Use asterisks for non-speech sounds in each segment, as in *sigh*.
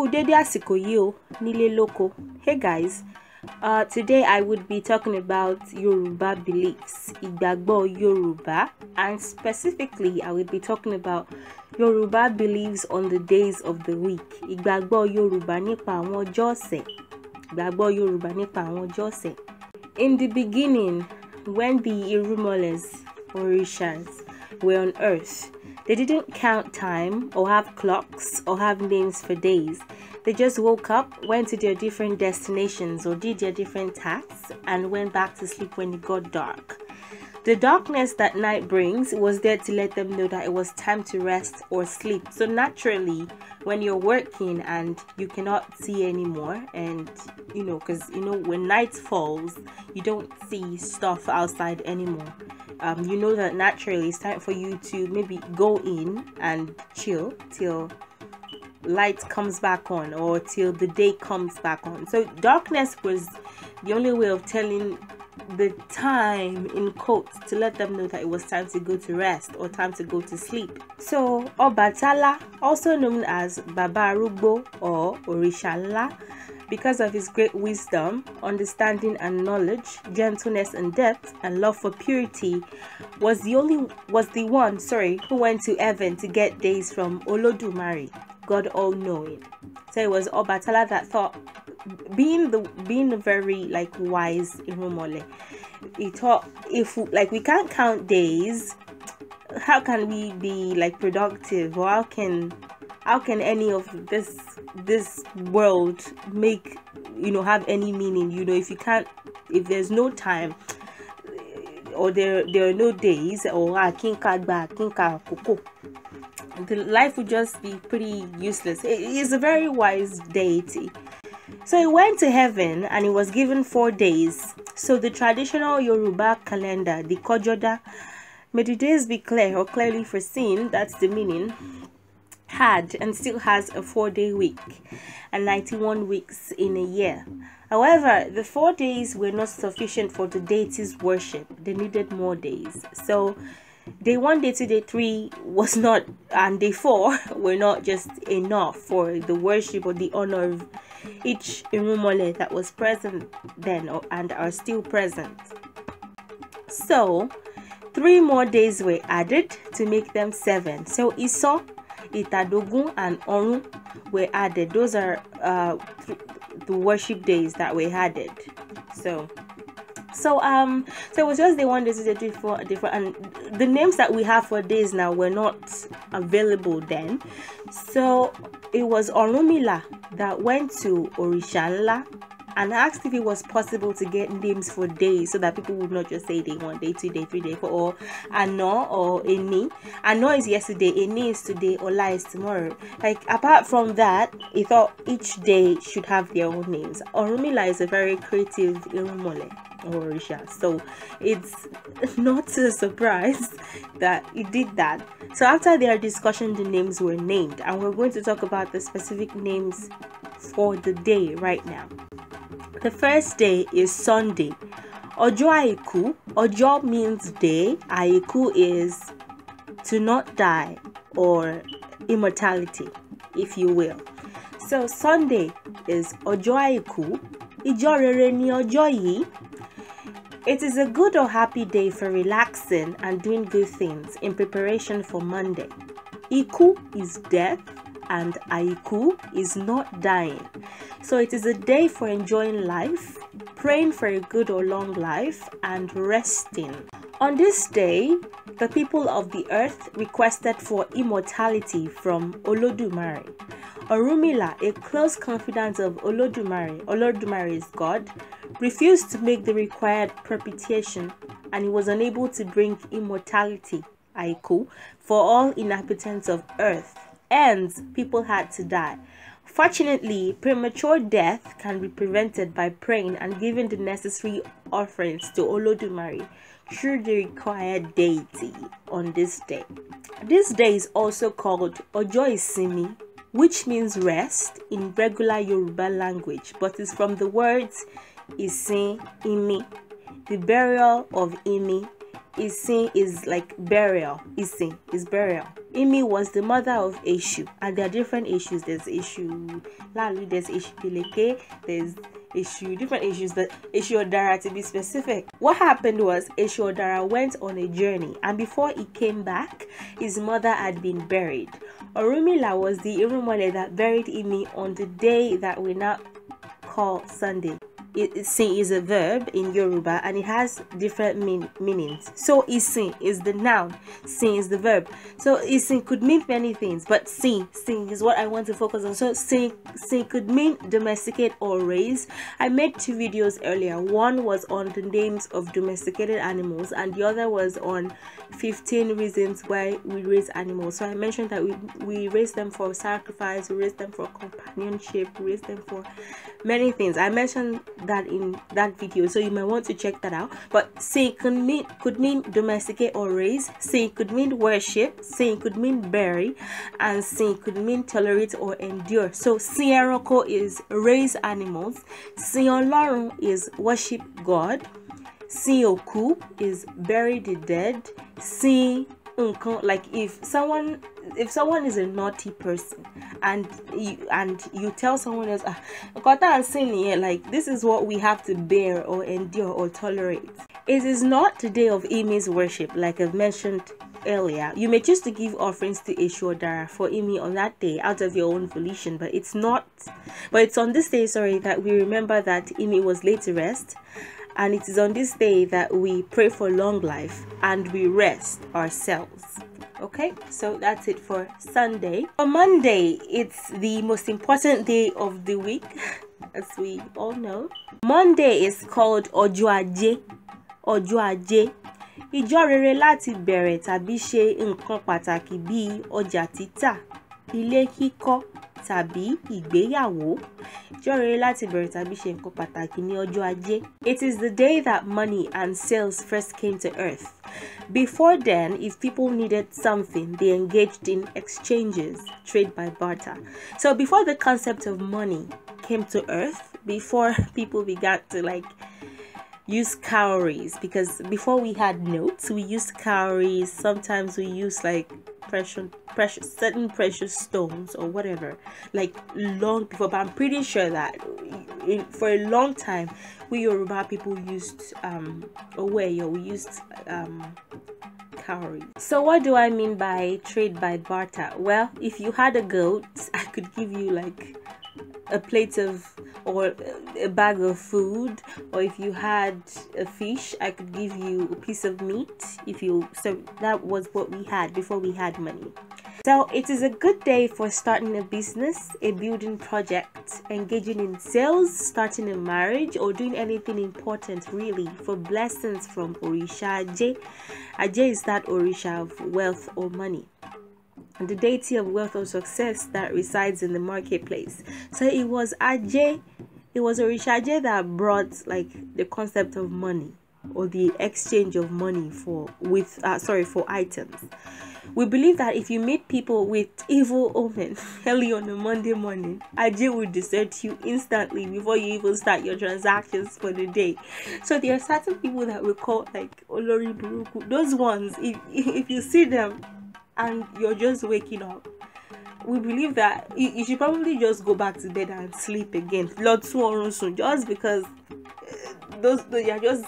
kú dédé àsìkò yìí o nílé lóko hey guys uh, today I would be talking about Yoruba beliefs ìgbàgbọ́ Yoruba and specifically I would be talking about Yoruba beliefs on the days of the week ìgbàgbọ́ Yoruba nípa àwọn ọjọ́ ọ̀sẹ̀ ìgbàgbọ́ Yoruba nípa àwọn ọjọ́ ọ̀sẹ̀ in the beginning when the Irumolens orishas were on earth They didn't count time or have clocks or have names for days. They just woke up, went to their different destinations or did their different tasks and went back to sleep when it got dark. The darkness that night brings was there to let them know that it was time to rest or sleep. So naturally, when you're working and you cannot see anymore and you know because you know when night falls, you don't see stuff outside anymore um, you know that naturally it's time for you to maybe go in and chill till light comes back on or till the day comes back on. So darkness was the only way of telling the time in quotes to let them know that it was time to go to rest or time to go to sleep. So Obatala, also known as Baba or Orishala. Because of his great wisdom, understanding and knowledge, gentleness and depth, and love for purity, was the only was the one, sorry, who went to heaven to get days from Olodumare, God all knowing. So it was Obatala that thought being the being very like wise Irumole, he thought if like we can't count days, how can we be like productive or how can how can any of this this world make you know have any meaning you know if you can't if there's no time or there there are no days or I can't kinka koko the life would just be pretty useless it is a very wise deity so he went to heaven and he was given four days so the traditional yoruba calendar the kojoda may the days be clear or clearly foreseen that's the meaning had and still has a four day week and 91 weeks in a year. However, the four days were not sufficient for the deity's worship, they needed more days. So, day one, day two, day three was not, and day four *laughs* were not just enough for the worship or the honor of each Irumole that was present then and are still present. So, three more days were added to make them seven. So, Esau Itadogun and Orun were added. Those are uh, the worship days that were added. So so um so it was just the one this is different different and the names that we have for days now were not available then so it was Orunmila that went to Orishanla and asked if it was possible to get names for days so that people would not just say day one, day two, day three, day four, or ano or any. Ano is yesterday, any is today, ola is tomorrow. Like apart from that, he thought each day should have their own names. Orumila is a very creative Irumole or so it's *laughs* not a surprise that it did that so after their discussion the names were named and we're going to talk about the specific names for the day right now the first day is sunday ojo aiku ojo means day aiku is to not die or immortality if you will so sunday is ojo aiku ijo rere ni ojo yi it is a good or happy day for relaxing and doing good things in preparation for Monday. Iku is death and Aiku is not dying. So it is a day for enjoying life, praying for a good or long life, and resting. On this day, the people of the earth requested for immortality from Olodumare. Orumila, a close confidant of Olodumare, Olodumare's god, refused to make the required propitiation and he was unable to bring immortality, Aiku, for all inhabitants of earth. And people had to die. Fortunately, premature death can be prevented by praying and giving the necessary offerings to Olodumare through the required deity on this day. This day is also called Ojo Isimi which means rest in regular Yoruba language, but is from the words Isin Imi, the burial of Imi. Isin is like burial. Isin is burial. Imi was the mother of Eshu, and there are different issues. There's Eshu Lalu, there's Eshu Pileke, there's issue, different issues that Ishiodara to be specific. What happened was Ishiodara went on a journey and before he came back, his mother had been buried. Orumila was the Irumole that buried Imi on the day that we now call Sunday isin is a verb in Yoruba and it has different mean, meanings. So isin is the noun, sin is the verb. So isin could mean many things, but sin, sin is what I want to focus on. So sin, sin could mean domesticate or raise. I made two videos earlier. One was on the names of domesticated animals and the other was on 15 reasons why we raise animals. So I mentioned that we, we raise them for sacrifice, we raise them for companionship, we raise them for many things. I mentioned that in that video so you might want to check that out but say could mean could mean domesticate or raise say could mean worship say could mean bury and say could mean tolerate or endure so sieroko is raise animals siolorun is worship god sioku is bury the dead see like if someone if someone is a naughty person and you and you tell someone else ah, like this is what we have to bear or endure or tolerate it is not the day of Imi's worship like i've mentioned earlier you may choose to give offerings to Ishodara for Imi on that day out of your own volition but it's not but it's on this day sorry that we remember that Imi was laid to rest and it is on this day that we pray for long life and we rest ourselves. Okay, so that's it for Sunday. On Monday, it's the most important day of the week, *laughs* as we all know. Monday is called Ojoaje. Ojoaje, Ìjọ́ rere láti bẹ̀rẹ̀ tàbí ṣe nǹkan pàtàkì bi ọjà títà ilé kíkọ́ tàbí ìgbéyàwó. láti bẹ̀rẹ̀ tàbí ṣe nǹkan pàtàkì ní ọjọ́ ajé. It is the day that money and sales first came to earth. Before then, if people needed something, they engaged in exchanges, trade by barter. So before the concept of money came to earth, before *laughs* people began to like use calories because before we had notes we used calories sometimes we used like precious precious certain precious stones or whatever like long before but i'm pretty sure that in, for a long time we yoruba people used um away or we used um calories so what do i mean by trade by barter well if you had a goat *laughs* i could give you like a plate of or a bag of food or if you had a fish i could give you a piece of meat if you so that was what we had before we had money so it is a good day for starting a business a building project engaging in sales starting a marriage or doing anything important really for blessings from orisha ajay ajay is that orisha of wealth or money the deity of wealth or success that resides in the marketplace. So it was Ajay, it was Orisha that brought like the concept of money or the exchange of money for with uh, sorry for items. We believe that if you meet people with evil omen *laughs* early on a Monday morning, Ajay will desert you instantly before you even start your transactions for the day. So there are certain people that we call like Olori Buruku. Those ones, if, *laughs* if you see them, and you're just waking up we believe that you, you should probably just go back to bed and sleep again lord soon soon just because eh, those, those are just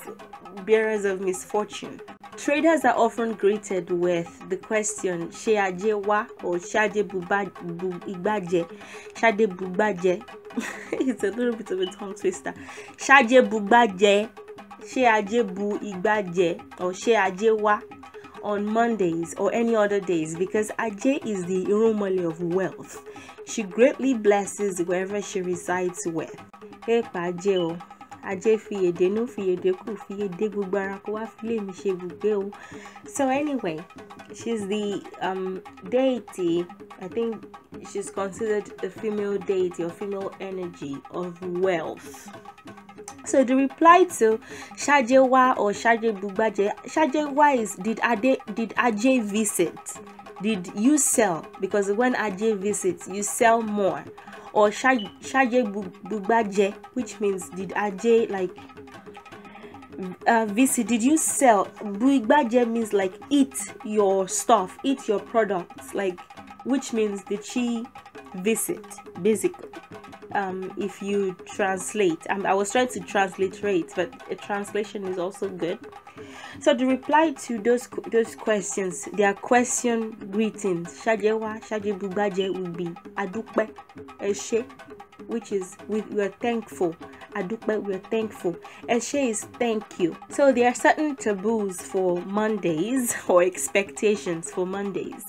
bearers of misfortune traders are often greeted with the question ṣe wá or ṣáde bubaje, ṣáde bubaje." it's a little bit of a tongue twister ṣáde bubaje, ṣe ajé bu igbàjẹ or ṣe ajé wá on Mondays or any other days because Ajay is the Irumale of wealth. She greatly blesses wherever she resides with. hey Ajay o. Ajay fiyede no fiyede ku fiyede ko wa file mi se So anyway, she's the um, deity. I think she's considered the female deity or female energy of wealth. So the reply to Shajewa or Shaje Bugbaje, Shajewa is did Ade, did Ajay visit? Did you sell? Because when Ajay visits, you sell more. Or Shaje Bugbaje, which means did Ajay like uh, visit? Did you sell? Bugbaje means like eat your stuff, eat your products, like which means did she visit basically um, if you translate. Um, I was trying to transliterate, but a translation is also good. So the reply to those those questions, their question greetings, Shajewa, Shajebubaje will be Adupe, Eshe, which is we, we are thankful. Adukbe, we are thankful. Eshe is thank you. So there are certain taboos for Mondays *laughs* or expectations for Mondays.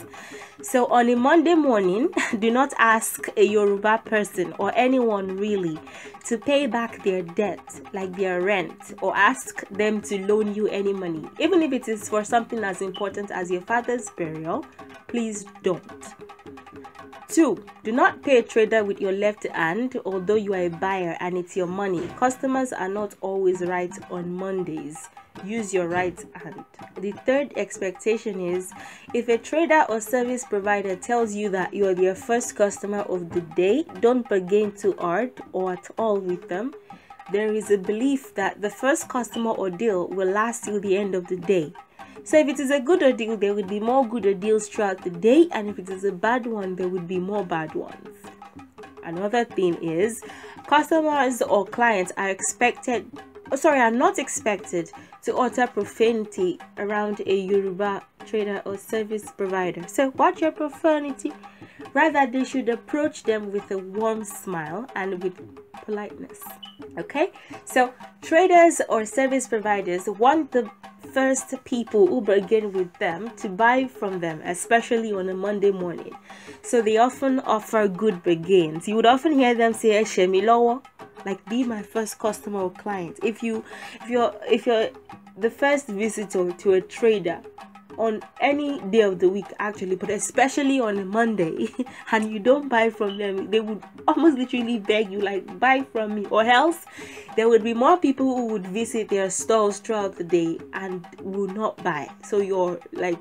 So on a Monday morning, *laughs* do not ask a Yoruba person or anyone really to pay back their debt, like their rent, or ask them to loan you any money. Even if it is for something as important as your father's burial, please don't. 2. Do not pay a trader with your left hand, although you are a buyer and it's your money. Customers are not always right on Mondays. Use your right hand. The third expectation is if a trader or service provider tells you that you are their first customer of the day, don't begin too hard or at all with them. There is a belief that the first customer or deal will last till the end of the day. So if it is a good deal, there will be more good deals throughout the day, and if it is a bad one, there would be more bad ones. Another thing is customers or clients are expected oh, sorry, are not expected to utter profanity around a Yoruba trader or service provider. So watch your profanity. Rather, they should approach them with a warm smile and with politeness. Okay, so traders or service providers want the first people Uber again with them to buy from them, especially on a Monday morning. So they often offer good bargains. You would often hear them say, Eshemi lower, like be my first customer or client. If you if you're if you're the first visitor to a trader on any day of the week actually but especially on a monday *laughs* and you don't buy from them they would almost literally beg you like buy from me or else there would be more people who would visit their stores throughout the day and will not buy so you're like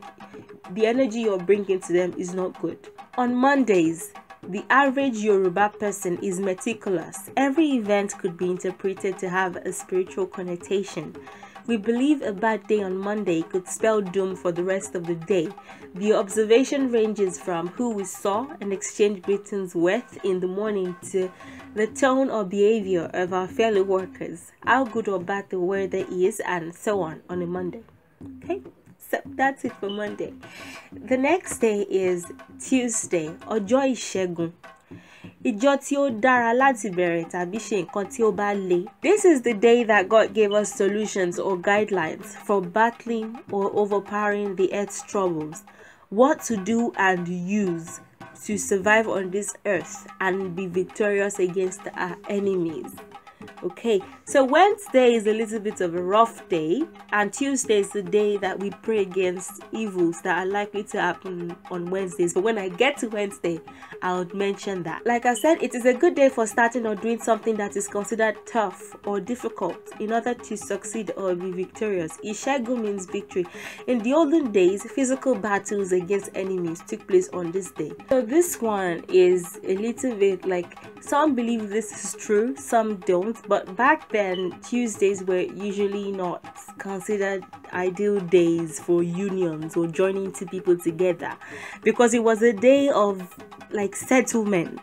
the energy you're bringing to them is not good on mondays the average Yoruba person is meticulous. Every event could be interpreted to have a spiritual connotation. We believe a bad day on Monday could spell doom for the rest of the day. The observation ranges from who we saw and exchanged greetings with in the morning to the tone or behavior of our fellow workers, how good or bad the weather is, and so on on a Monday. Okay? So that's it for Monday. The next day is Tuesday, Ọjọ́ Shagun ìjọ tí ó dára láti bẹ̀rẹ̀ tàbí ṣe tí ó bá le. This is the day that God gave us solutions or guidelines for battling or overpowering the earth's troubles, what to do and use to survive on this earth and be victorious against our enemies. Okay, so Wednesday is a little bit of a rough day, and Tuesday is the day that we pray against evils that are likely to happen on Wednesdays. But when I get to Wednesday, I would mention that. Like I said, it is a good day for starting or doing something that is considered tough or difficult in order to succeed or be victorious. Ishegu means victory. In the olden days, physical battles against enemies took place on this day. So this one is a little bit like some believe this is true, some don't month but back then tuesdays were usually not considered ideal days for unions or joining two people together because it was a day of like settlement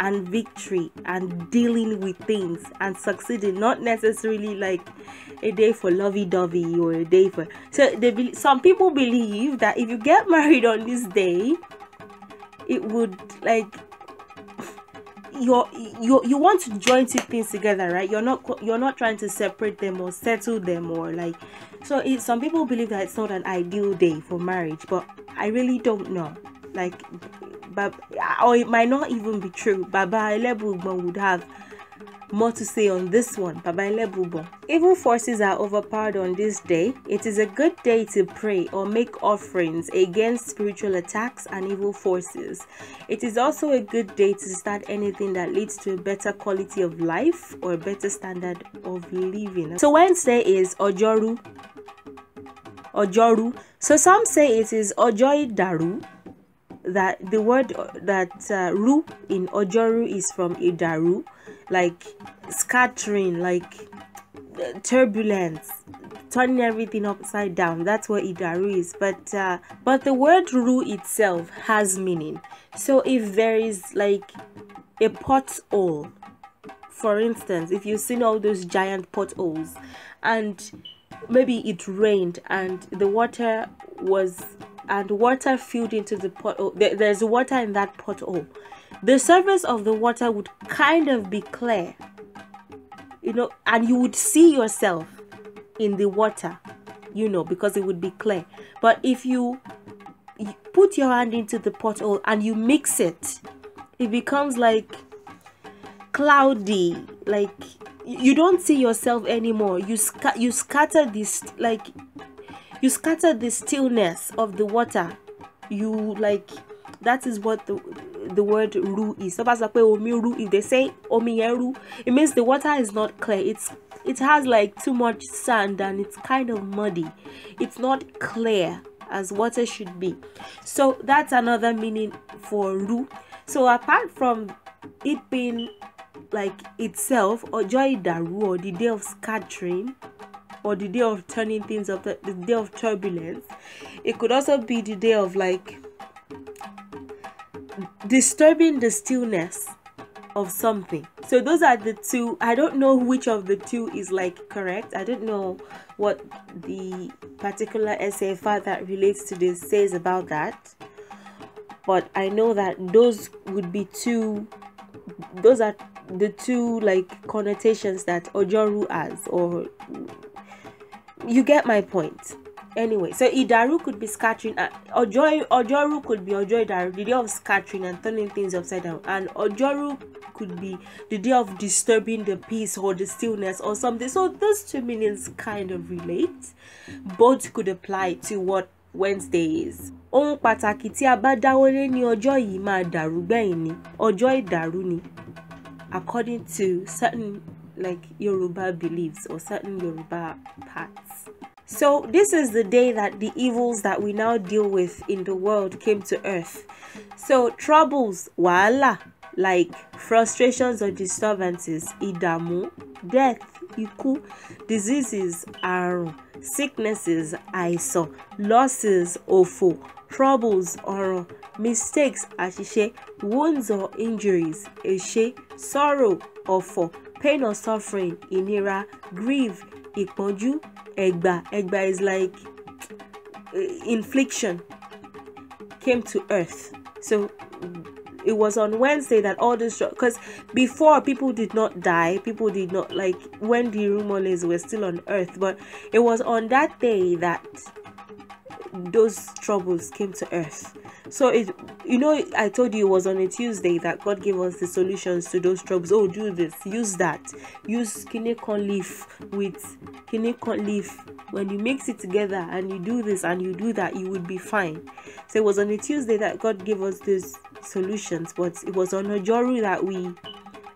and victory and dealing with things and succeeding not necessarily like a day for lovey-dovey or a day for so they be, some people believe that if you get *laughs* married on this day it would like you're you you want to join two things together right you're not you're not trying to separate them or settle them or like so it, some people believe that it's not an ideal day for marriage but i really don't know like but or it might not even be true baba elebugbon would have more to say on this one, Babaile Evil forces are overpowered on this day. It is a good day to pray or make offerings against spiritual attacks and evil forces. It is also a good day to start anything that leads to a better quality of life or a better standard of living. So Wednesday is Ojoru. Ojoru. So some say it is Ojoydaru. Daru that the word that uh, ru in ojoru is from idaru like scattering like turbulence turning everything upside down that's what idaru is but uh, but the word ru itself has meaning so if there is like a pothole for instance if you've seen all those giant potholes and maybe it rained and the water was and water filled into the pothole there's water in that pothole the surface of the water would kind of be clear you know and you would see yourself in the water you know because it would be clear but if you, put your hand into the pothole and you mix it it becomes like cloudy like you don't see yourself anymore you sc- you scatter this like you scatter the stillness of the water you like that is what the the word ru is so omi ru if they say omieru, it means the water is not clear it's it has like too much sand and it's kind of muddy it's not clear as water should be so that's another meaning for ru so apart from it being like itself or joy daru or the day of scattering or the day of turning things up the day of turbulence it could also be the day of like disturbing the stillness of something. So those are the two. I don't know which of the two is like correct. I don't know what the particular SFR that relates to this says about that. But I know that those would be two those are the two like connotations that Ojoru has or you get my point anyway so idaru could be scattering uh, ojoy ojoru could be ojoy idaru the day of scattering and turning things upside down and ojoru could be the day of disturbing the peace or the stillness or something so those two meanings kind of relate both could apply to what wednesday is ohun pàtàkì tí a bá dáwọ́lé ní ọjọ́ yìí máa dàrú gbẹ̀yìn ni ọjọ́ ìdàrú ni according to certain like Yoruba beliefs or certain Yoruba parts so, this is the day that the evils that we now deal with in the world came to earth. So, troubles, waala, like frustrations or disturbances, idamu, death, iku, diseases, aru. sicknesses, aisan, losses, ofo, troubles, oran, mistakes, ashishe, wounds or injuries, eshe, sorrow, ofo, pain or suffering, inira, grief, ìpọ́njú ẹ̀gbà ẹ̀gbà is like eh, infliction came to earth so it was on Wednesday that all this because before people did not die, people did not like when the rumors were still on earth, but it was on that day that those troubles came to earth. So it, you know, I told you it was on a Tuesday that God gave us the solutions to those troubles. Oh, do this, use that, use kidney corn leaf with kidney corn leaf. When you mix it together and you do this and you do that, you would be fine. So it was on a Tuesday that God gave us those solutions, but it was on a Joru that we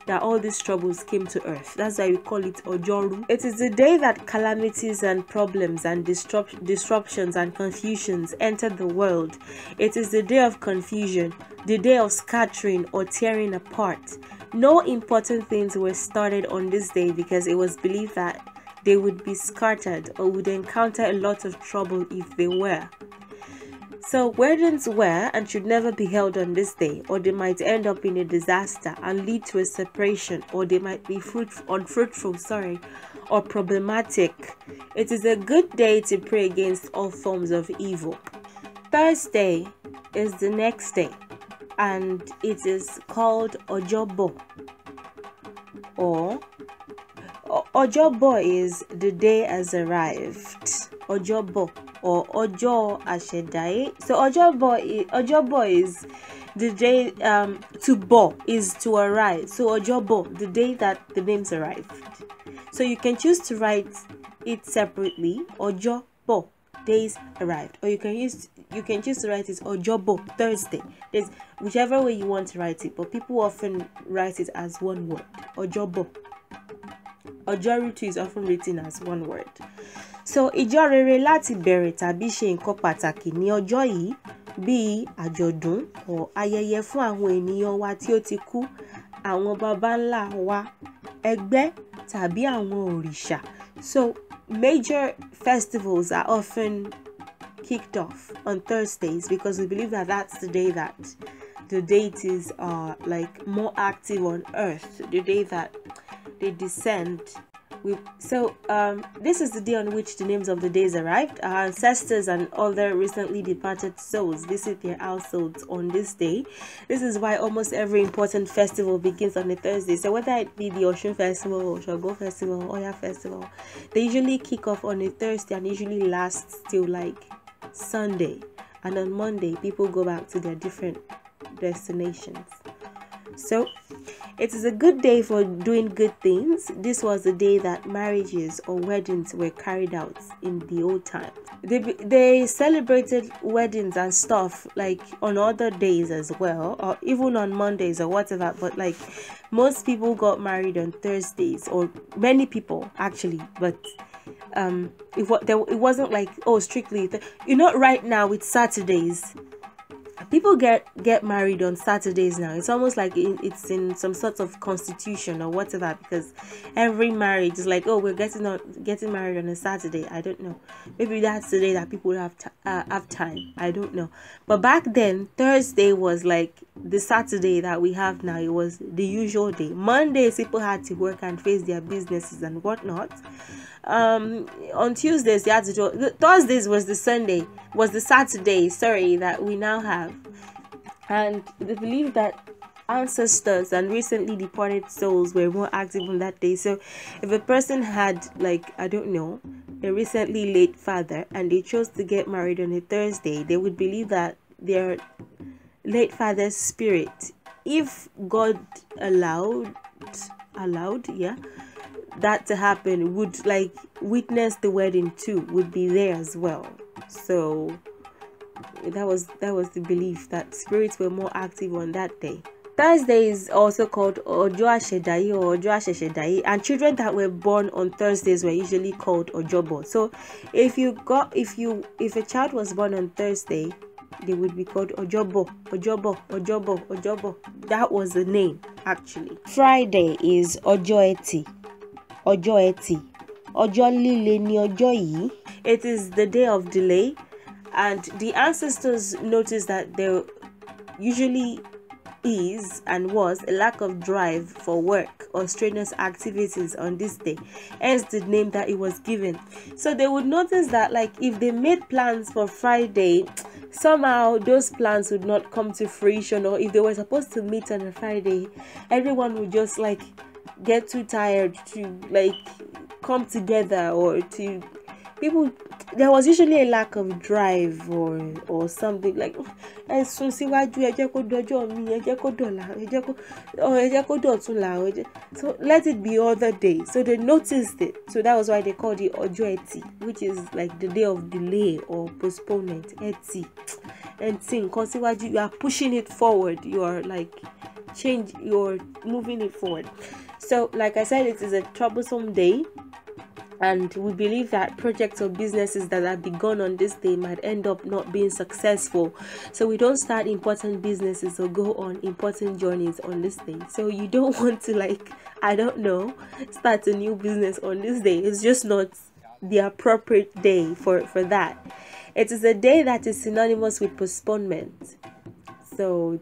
that all these troubles came to earth. That's why we call it Ojoru. It is the day that calamities and problems and disrupt disruptions and confusions entered the world. It is the day of confusion, the day of scattering or tearing apart. No important things were started on this day because it was believed that they would be scattered or would encounter a lot of trouble if they were. So weddings were and should never be held on this day or they might end up in a disaster and lead to a separation or they might be fruitful, unfruitful, sorry, or problematic. It is a good day to pray against all forms of evil. Thursday is the next day and it is called Ojobo or Ojobo is the day has arrived. Ojobo or Ojo Ashedai. So Ojo Ojobo is the day um, to bo is to arrive. So Ojo Bo the day that the names arrived. So you can choose to write it separately, Ojo Bo, days arrived. Or you can use you can choose to write it Ojo Bo Thursday. There's whichever way you want to write it, but people often write it as one word, Bo. Ọjọ́rìtú is often written as one word. So ìjọ rere láti bẹ̀rẹ̀ tàbí ṣe nǹkan pàtàkì ní ọjọ́ yìí bíi àjọ̀dún ayẹyẹ fún àwọn ènìyàn wa tí ó ti kú àwọn baba ńlá wa ẹgbẹ́ tàbí àwọn òrìṣà. So major festivals are often kicked off on Thursdays because we believe that that's the day that the deities are like more active on earth, the day that they descend. We, so um, this is the day on which the names of the days arrived. Our ancestors and other recently departed souls visit their households on this day. This is why almost every important festival begins on a Thursday. So whether it be the Ocean Festival, or Festival, Oya Festival, they usually kick off on a Thursday and usually last till like Sunday. And on Monday, people go back to their different destinations. So it is a good day for doing good things. This was the day that marriages or weddings were carried out in the old times. They, they celebrated weddings and stuff like on other days as well, or even on Mondays or whatever. But like most people got married on Thursdays, or many people actually, but um, it, it wasn't like oh strictly. you know, right now it's Saturdays people get get married on saturdays now it's almost like it's in some sort of constitution or whatever because every marriage is like oh we're getting on getting married on a saturday i don't know maybe that's the day that people have uh, have time i don't know but back then thursday was like the saturday that we have now it was the usual day mondays people had to work and face their businesses and whatnot um, on Tuesdays they had to do Thursdays was the Sunday was the Saturday sorry that we now have and they believe that ancestors and recently departed souls were more active on that day so if a person had like I don't know a recently late father and they chose to get married on a Thursday they would believe that their late father's spirit if God allowed allowed yeah that to happen would like witness the wedding too would be there as well so that was that was the belief that spirits were more active on that day Thursday is also called Ojo Ashedai or Ojo Asheshedai, and children that were born on Thursdays were usually called Ojobo. So, if you got if you if a child was born on Thursday, they would be called Ojobo, Ojobo, Ojobo, Ojobo. That was the name actually. Friday is Ojoeti ọjọ́ ẹtì ọjọ́ líle ni ọjọ́ yìí. It is the day of delay and the ancestors noticed that there usually is and was a lack of drive for work or strenuous activities on this day, hence the name that it was given. So they would notice that, like, if they made plans for Friday, somehow those plans would not come to fruition, or if they were supposed to meet on a Friday, everyone would just like get too tired to like come together or to people there was usually a lack of drive or or something like oh, ẹ sún síwájú ẹ jẹ́ kó dọjọ́ mi ẹ jẹ́ kó dọ̀la ẹ jẹ́ kó oh, ẹ jẹ́ kó dọ̀tún la ẹ jẹ́ so let it be other day so they noticed it so that was why they called it ọjọ́ ẹtì which is like the day of delay or postponement ẹtì ẹtì nǹkan síwájú you are pushing it forward you are like change you are moving it forward. So, like I said, it is a troublesome day, and we believe that projects or businesses that are begun on this day might end up not being successful. So, we don't start important businesses or go on important journeys on this day. So, you don't *laughs* want to, like, I don't know, start a new business on this day. It's just not the appropriate day for, for that. It is a day that is synonymous with postponement. So,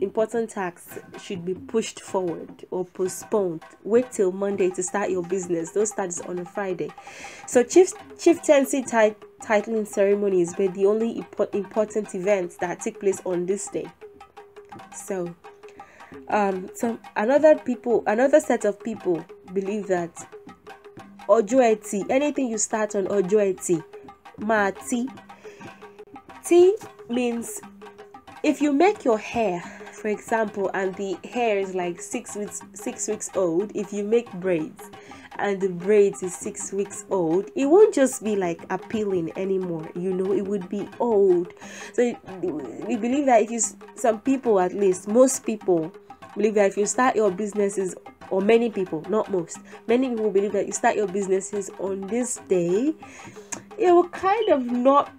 important tasks should be pushed forward or postponed. Wait till Monday to start your business. Those studies on a Friday. So chief chieftaincy tit- titling ceremonies were the only important events that took place on this day. So, um, some another people, another set of people believe that Ojoeti, anything you start on Ojoeti, Ma Ti. Ti means if you make your hair for example and the hair is like six weeks six weeks old if you make braids and the braids is six weeks old it won't just be like appealing anymore you know it would be old so we believe that if you some people at least most people believe that if you start your businesses or many people not most many people believe that you start your businesses on this day it will kind of not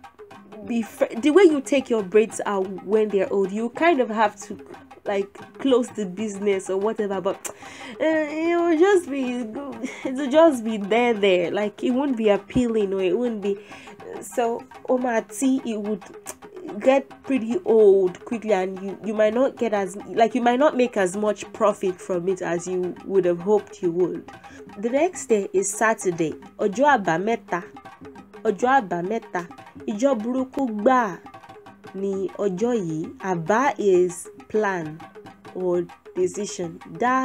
be the way you take your braids out when they're old you kind of have to like close the business or whatever but uh, it will just be it will just be there there like it won't be appealing or it won't be so omati it would get pretty old quickly and you you might not get as like you might not make as much profit from it as you would have hoped you would the next day is saturday ojo abameta ọjọ́ àbámẹ́ta ijọ́ burúkú ba ni ọjọ́ yìí àbá is plan or decision dá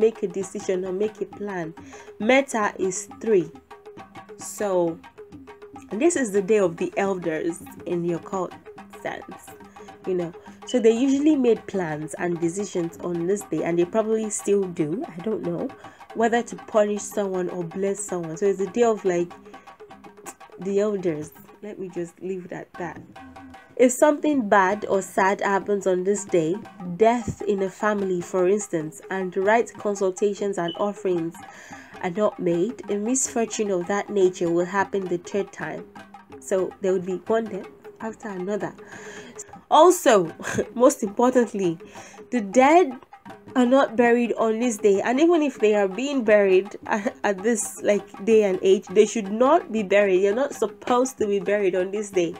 make a decision or make a plan mẹ́ta is three so this is the day of the elders in your cult sense you know so they usually made plans and decisions on this day and they probably still do i don't know whether to punish someone or bless someone so it's a day of like the elders. Let me just leave it at that. If something bad or sad happens on this day, death in a family, for instance, and the right consultations and offerings are not made, a misfortune of that nature will happen the third time. So there would be one death after another. Also, *laughs* most importantly, the dead are not buried on this day and even if they are being buried at, at this like day and age they should not be buried they're not supposed to be buried on this day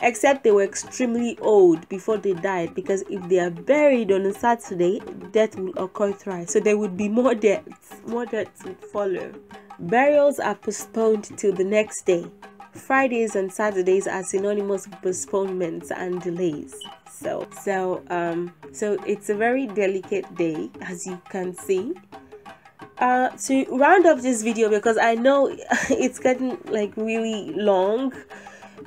except they were extremely old before they died because if they are buried on a saturday death will occur thrice so there would be more deaths more deaths would follow burials are postponed till the next day Fridays and Saturdays are synonymous postponements and delays. So, so, um, so it's a very delicate day, as you can see. Uh, to round up this video because I know *laughs* it's getting like really long.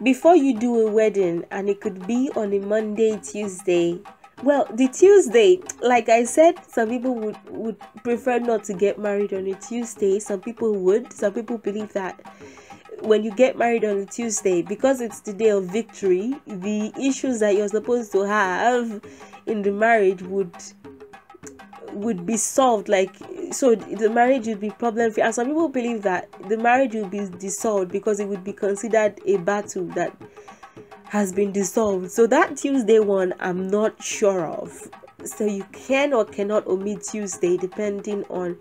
Before you do a wedding, and it could be on a Monday, Tuesday. Well, the Tuesday, like I said, some people would, would prefer not to get married on a Tuesday. Some people would. Some people believe that when you get married on a Tuesday, because it's the day of victory, the issues that you're supposed to have in the marriage would would be solved like so the marriage would be problem free and some people believe that the marriage would be dissolved because it would be considered a battle that has been dissolved so that tuesday one i'm not sure of so you can or cannot omit tuesday depending on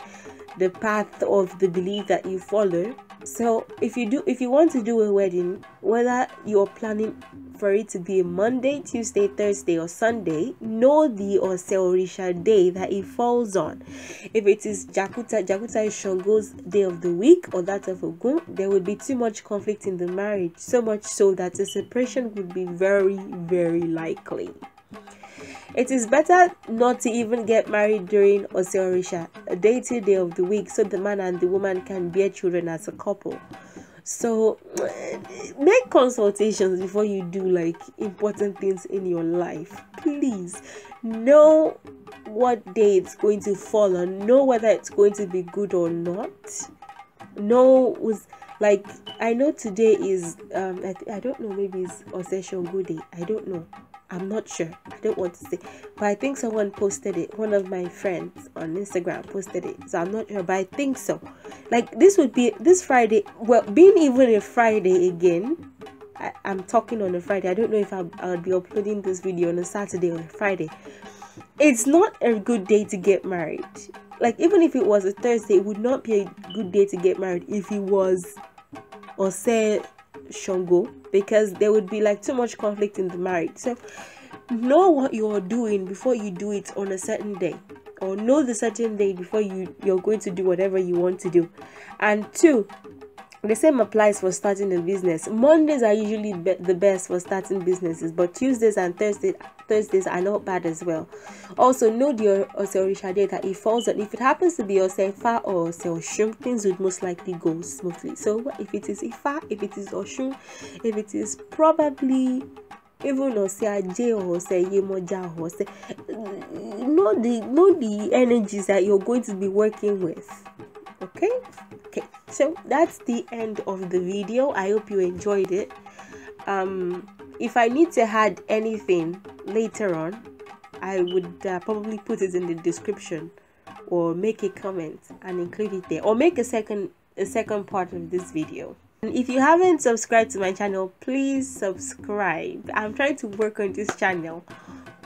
the path of the belief that you follow so if you do if you want to do a wedding whether you're planning for it to be a monday tuesday thursday or sunday know the oseorisha day that it falls on if it is jakuta jakuta is shango's day of the week or that of ogun there would be too much conflict in the marriage so much so that the separation would be very very likely it is better not to even get married during Oseorisha, a day to day of the week, so the man and the woman can bear children as a couple. So *tsk* make consultations before you do like important things in your life. Please know what day it's going to fall on, know whether it's going to be good or not. Know was like I know today is um I, I don't know maybe it's Osession Good Day. I don't know I'm not sure. I don't want to say. But I think someone posted it. One of my friends on Instagram posted it. So I'm not sure, but I think so. Like this would be this Friday. Well, being even a Friday again, I, am talking on a Friday. I don't know if I'll, I'll be uploading this video on a Saturday or a Friday. It's not a good day to get married. Like even if it was a Thursday, it would not be a good day to get married if it was or say Shango because there would be like too much conflict in the marriage. So know what you're doing before you do it on a certain day or know the certain day before you you're going to do whatever you want to do and two the same applies for starting a business. Mondays are usually be the best for starting businesses, but Tuesdays and Thursdays Thursdays are not bad as well. Also, know the Oseorisha day that it falls on. If it happens to be Osefa or Oseoshun, things would most likely go smoothly. So, if it is Ifa, if it is Oshun, if it is probably even Oseaje or Oseyemoja or Ose, know the know the energies that you're going to be working with okay okay so that's the end of the video i hope you enjoyed it um if i need to add anything later on i would uh, probably put it in the description or make a comment and include it there or make a second a second part of this video and if you haven't subscribed to my channel please subscribe i'm trying to work on this channel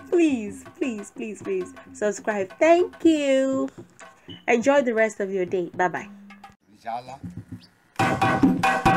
please please please please subscribe thank you Enjoy the rest of your day. Bye bye.